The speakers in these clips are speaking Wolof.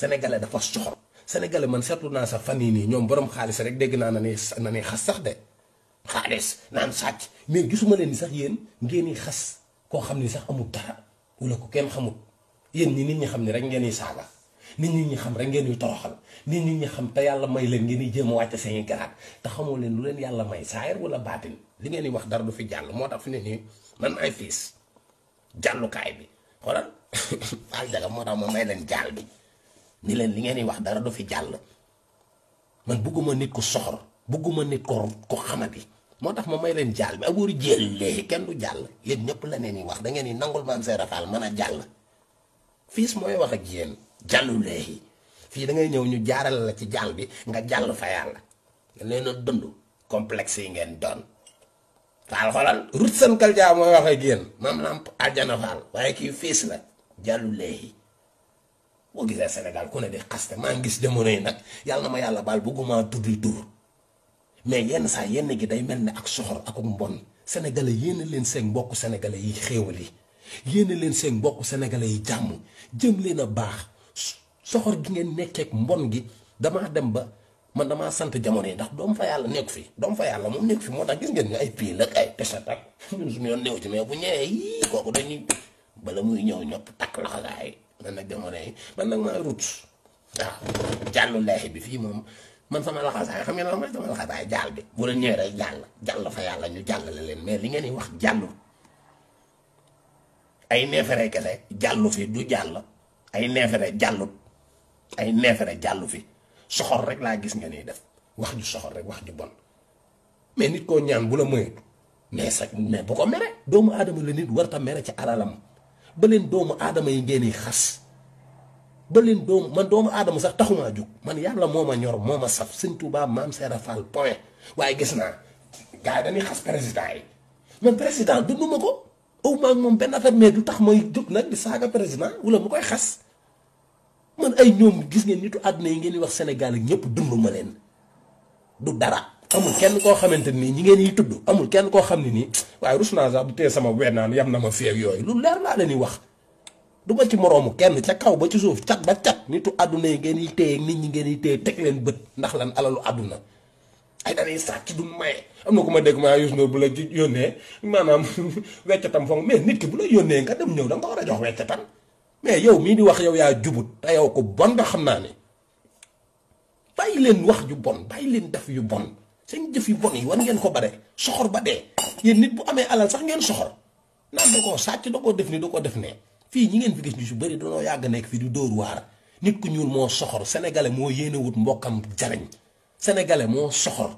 sénégalais dafa soxor sénégalais man seetlu naa sax fan yii nii ñoom borom xaalis rek dégg naa na sax na ne xas sax de xaalis naan sàcc mais gisuma leen sax yéen ngeen yi xas koo xam ni sax amul dara wala ko kenn xamul yéen ñi nit ñi xam ni rek ngeen di saaga nit ñi ñi xam rek ngeen yi toroxal nit ñi ñi xam te yàlla may leen ngeen di jéem a wàcc seen garaat te xamoo leen lu leen yàlla may saayir wala baatin li ngeen di wax dara du fi jàll moo tax ne man ay fiis jàllukaay bi xoolal al moo tax ma may leen jàll bi ni leen li ngeen di wax dara du fi jàll man bugguma nit ku soxor bugguma nit ko ko xamati moo tax ma may leen jàll bi abooru jéel léegi kenn du jàll yéen ñépp la neen yi wax da ngeen di nangul maam see rafaal mën a jàll fiis mooy wax a yéen jàllu léegi fii da ngay ñëw ñu jaaral la ci jàll bi nga jàll fa yàlla leen a dund complexe yi ngeen doon faal xolal rut san kal jaa mooy wax ak yéen maam lamp àjjana faal waaye kii fiis la jàllu léegi boo gisee Sénégal ku ne di xaste maa ngi gis jamono yi nag yàlla na ma yàlla baal bëgguma tuddi tur mais yenn saa yenn gi day mel ni ak soxor ak mbon sénégalais yéen leen seen mbokku sénégalais yi xéewal yi yéen leen seen mbokku sénégalais yi jàmm jëm leen a baax soxor gi ngeen nekkeek mbon gi damaa dem ba man damaa sant jamono yi ndax doom fa yàlla nekk fi doom fa yàlla moom nekk fi moo tax gis ngeen ñu ay pii la ay pechet ak ñun suñu yoon néew ci mais bu ñëwee yii kooku dañuy bala muy ñëw ñëpp takk loxo gaay man nag jamono man nag maa rut waaw jàll leexi bi fii moom man sama laxasaay xam ngeen la mooy sama bi bu ñëwee rek jàll jàll fa yàlla ñu jàllale leen mais li ngeen di wax jàllu ay neefere kese jàll fi du jàll ay neefere jàllut ay neefere jàll fi soxor rek laa gis nga di def wax ju soxor rek wax ju bon mais nit koo ñaan bu la moytu mais sax mais bu ko mere doomu aadama la nit warta mere ci alalam ba leen doomu aadama yi ngeen xas ba leen doomu man doomu aadama sax taxumaa jóg man yàlla moo ma ñor moo ma saf sëñ Tuubaa maam seer a Fall point waaye gis naa gars yi dañuy xas président yi man président dundu ma ko aw maa moom benn affaire mais du tax mooy jóg nag di saaga président wala mu koy xas man ay ñoom gis ngeen nitu àdduna yi ngeen di wax Sénégal ak ñëpp dund ma leen du dara. amul kenn koo xamante nii ñi ngeen yi tudd amul kenn koo xam ne nii waaye rus naa sax bu tee sama weer naan yam na ma feeg yooyu lu leer laa leen di wax du ma ci moroomu kenn ca kaw ba ci suuf cat ba cat nitu àdduna yi ngeen yi téye nit ñi ngeen yi teg leen bët ndax lan alalu àdduna ay danay sàcc du maye am na ku ma dégg maa Youssou Ndour bu la ci yónnee maanaam weccatam foog mais nit ki bu la yónnee nga dem ñëw da war a jox weccatam mais yow mii di wax yow yaa jubut te yow ko bon nga xam naa ne bàyyi leen wax ju bon bàyyi leen def yu bon seen jëf yi bon yi war ngeen ko bare soxor ba dee yéen nit bu amee alal sax ngeen soxor naan da koo sàcc da koo def ni da koo def nee fii ñi ngeen fi gis ñu si bëri dañoo yàgg nekk fii du dóor waar nit ku ñuul moo soxor sénégalais moo yéene wut mbokkam jariñ sénégalais moo soxor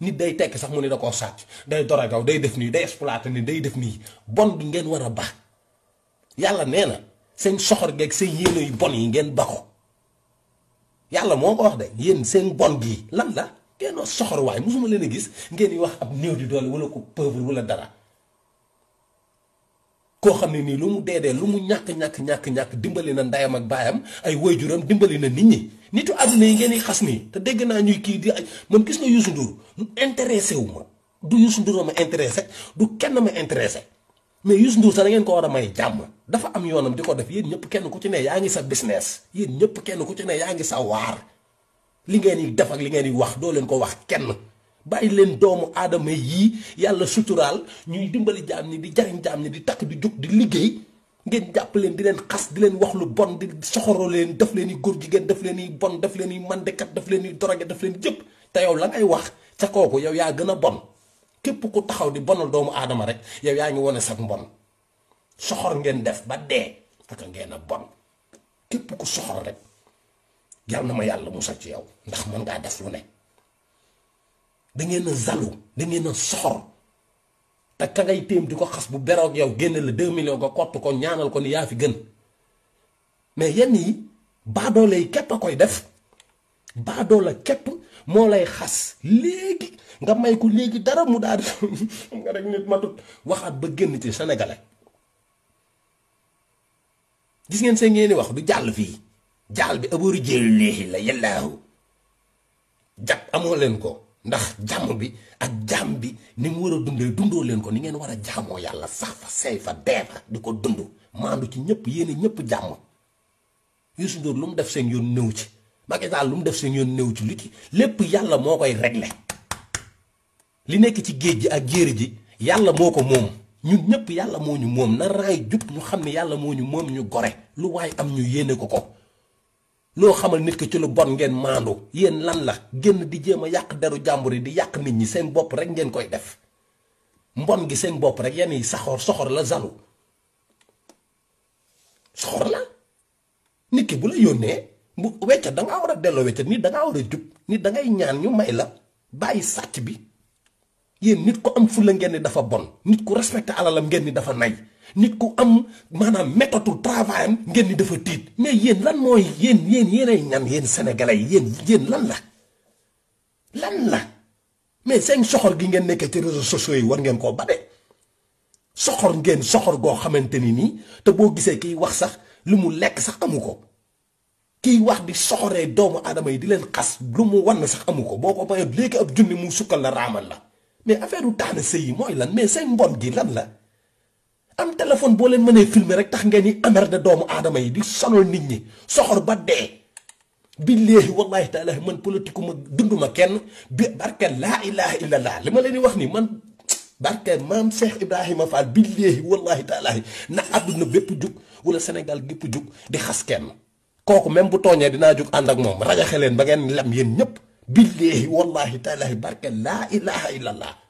nit day tekki sax mu ne da koo sàcc day doragaw day def nii day exploité nii day def nii bon bi ngeen war a baax yàlla nee na seen soxor geeg seen yéene bon yi ngeen ba ko yàlla moo ko wax de yéen seen bon gii lan la. teenoo soxor waaye mosuma leen a gis ngeen di wax ab néew di doole wala ko pauvre wala dara koo xam ne nii lu mu dee dee lu mu ñàkk ñàkk ñàkk ñàkk dimbali na ndeyam ak baayam ay waajuram dimbali na nit ñi nitu àdduna yi ngeen di xas nii te dégg naa ñuy kii di man gis nga Youssou Ndour mu intéressé wu ma du Youssou Ndour ma intéressé du kenn ma intéressé mais Youssou Ndour sax da ngeen ko war a may jàmm dafa am yoonam di ko def yéen ñëpp kenn ku ci ne yaa ngi sa business yéen ñëpp kenn ku ci ne yaa ngi sa li ngeen di def ak li ngeen di wax doo leen ko wax kenn bàyyi leen doomu aadama yii yàlla suturaal ñuy dimbali jaam ñi di jariñ jaam ñi di takk di jóg di liggéey ngeen jàpp leen di leen xas di leen wax lu bon di soxoro leen daf leen i góor jigéen daf leen i bon daf leen i mandekat daf leen i drogue daf leen jëpp te yow la ngay wax ca kooku yow yaa gën a bon képp ku taxaw di bonal doomu aadama rek yow yaa ngi wane sax mbon soxor ngeen def ba dee ak ngeen a bon ku soxor rek yàlla na ma yàlla musal ci yow ndax man ngaa def lu ne da ngeen a zalu da ngeen a soxor te ka ngay téem di ko xas bu beroog yow génn la deux millions nga kott ko ñaanal ko ni yaa fi gën mais yenn yi baadoole yi képp a koy def baadoole képp moo lay xas léegi nga may ko léegi dara mu daal nga rek nit matut waxaat ba génn ci sénégalais gis ngeen seen ngeen di wax du jàll fii. jaal bi abooru jël léexi la yallaahu jàpp amoo leen ko ndax jàmm bi ak jàmm bi ni mu war a dundee dundoo leen ko ni ngeen war a jaamoo yàlla sax fa seey fa dee fa di ko dund maandu ci ñëpp yéene ñëpp jàmm Youssou Ndour lu def seen yoon néew ci Macky lu mu def seen yoon néew ci lu ci lépp yàlla moo koy réglé li nekk ci géej gi ak jéeri ji yàlla moo ko moom ñun ñëpp yàlla moo ñu moom na raay jub ñu xam ne yàlla moo ñu moom ñu gore lu waaye am ñu yéene ko ko loo xamal nit ki ci lu bon ngeen maandu yéen lan la génn di jéem a yàq deru jàmbur yi di yàq nit ñi seen bopp rek ngeen koy def mbon gi seen bopp rek yenn yi saxoor soxor la zalu soxor la nit ki bu la yónnee bu weccat da ngaa war a delloo weccat nit da ngaa war a jub nit dangay ñaan ñu may la bàyyi sàcc bi yéen nit ku am fulla ngeen ni dafa bon nit ku respecté alalam ngeen ni dafa nay nit ku am maanaam méthode travail ngeen ni dafa tiit mais yéen lan mooy yéen yéen yéenay ñan yéen yi yéen yéen lan la lan la mais seen soxor gi ngeen nekkee ci réseaux sociaux yi war ngeen koo bade soxor ngeen soxor goo xamante ni nii te boo gisee kiy wax sax lu mu lekk sax amu ko kiy wax di soxoree doomu aadama yi di leen xas lu mu na sax amu ko boo ko mayee léegi ab junni mu sukkal la raamal la mais affaire u taana sëy yi mooy lan mais seen mbon gi lan la am téléphone boo leen mënee filmer rek tax ngeen ni amerde doomu aadama yi di sonal nit ñi soxor ba dee. billahi wallahi taala man politique ma dund ma kenn bi barke laa ilaha illallah li ma leen di wax nii man barke maam Cheikh Ibrahima Fall billahi wallahi taala na bépp jug wala Sénégal gépp jug di xas kenn. kooku même bu tooñee dinaa jug ànd ak moom rajaxe leen ba ngeen lem yéen ñëpp billahi wallahi taala barke laa ilaha illallah.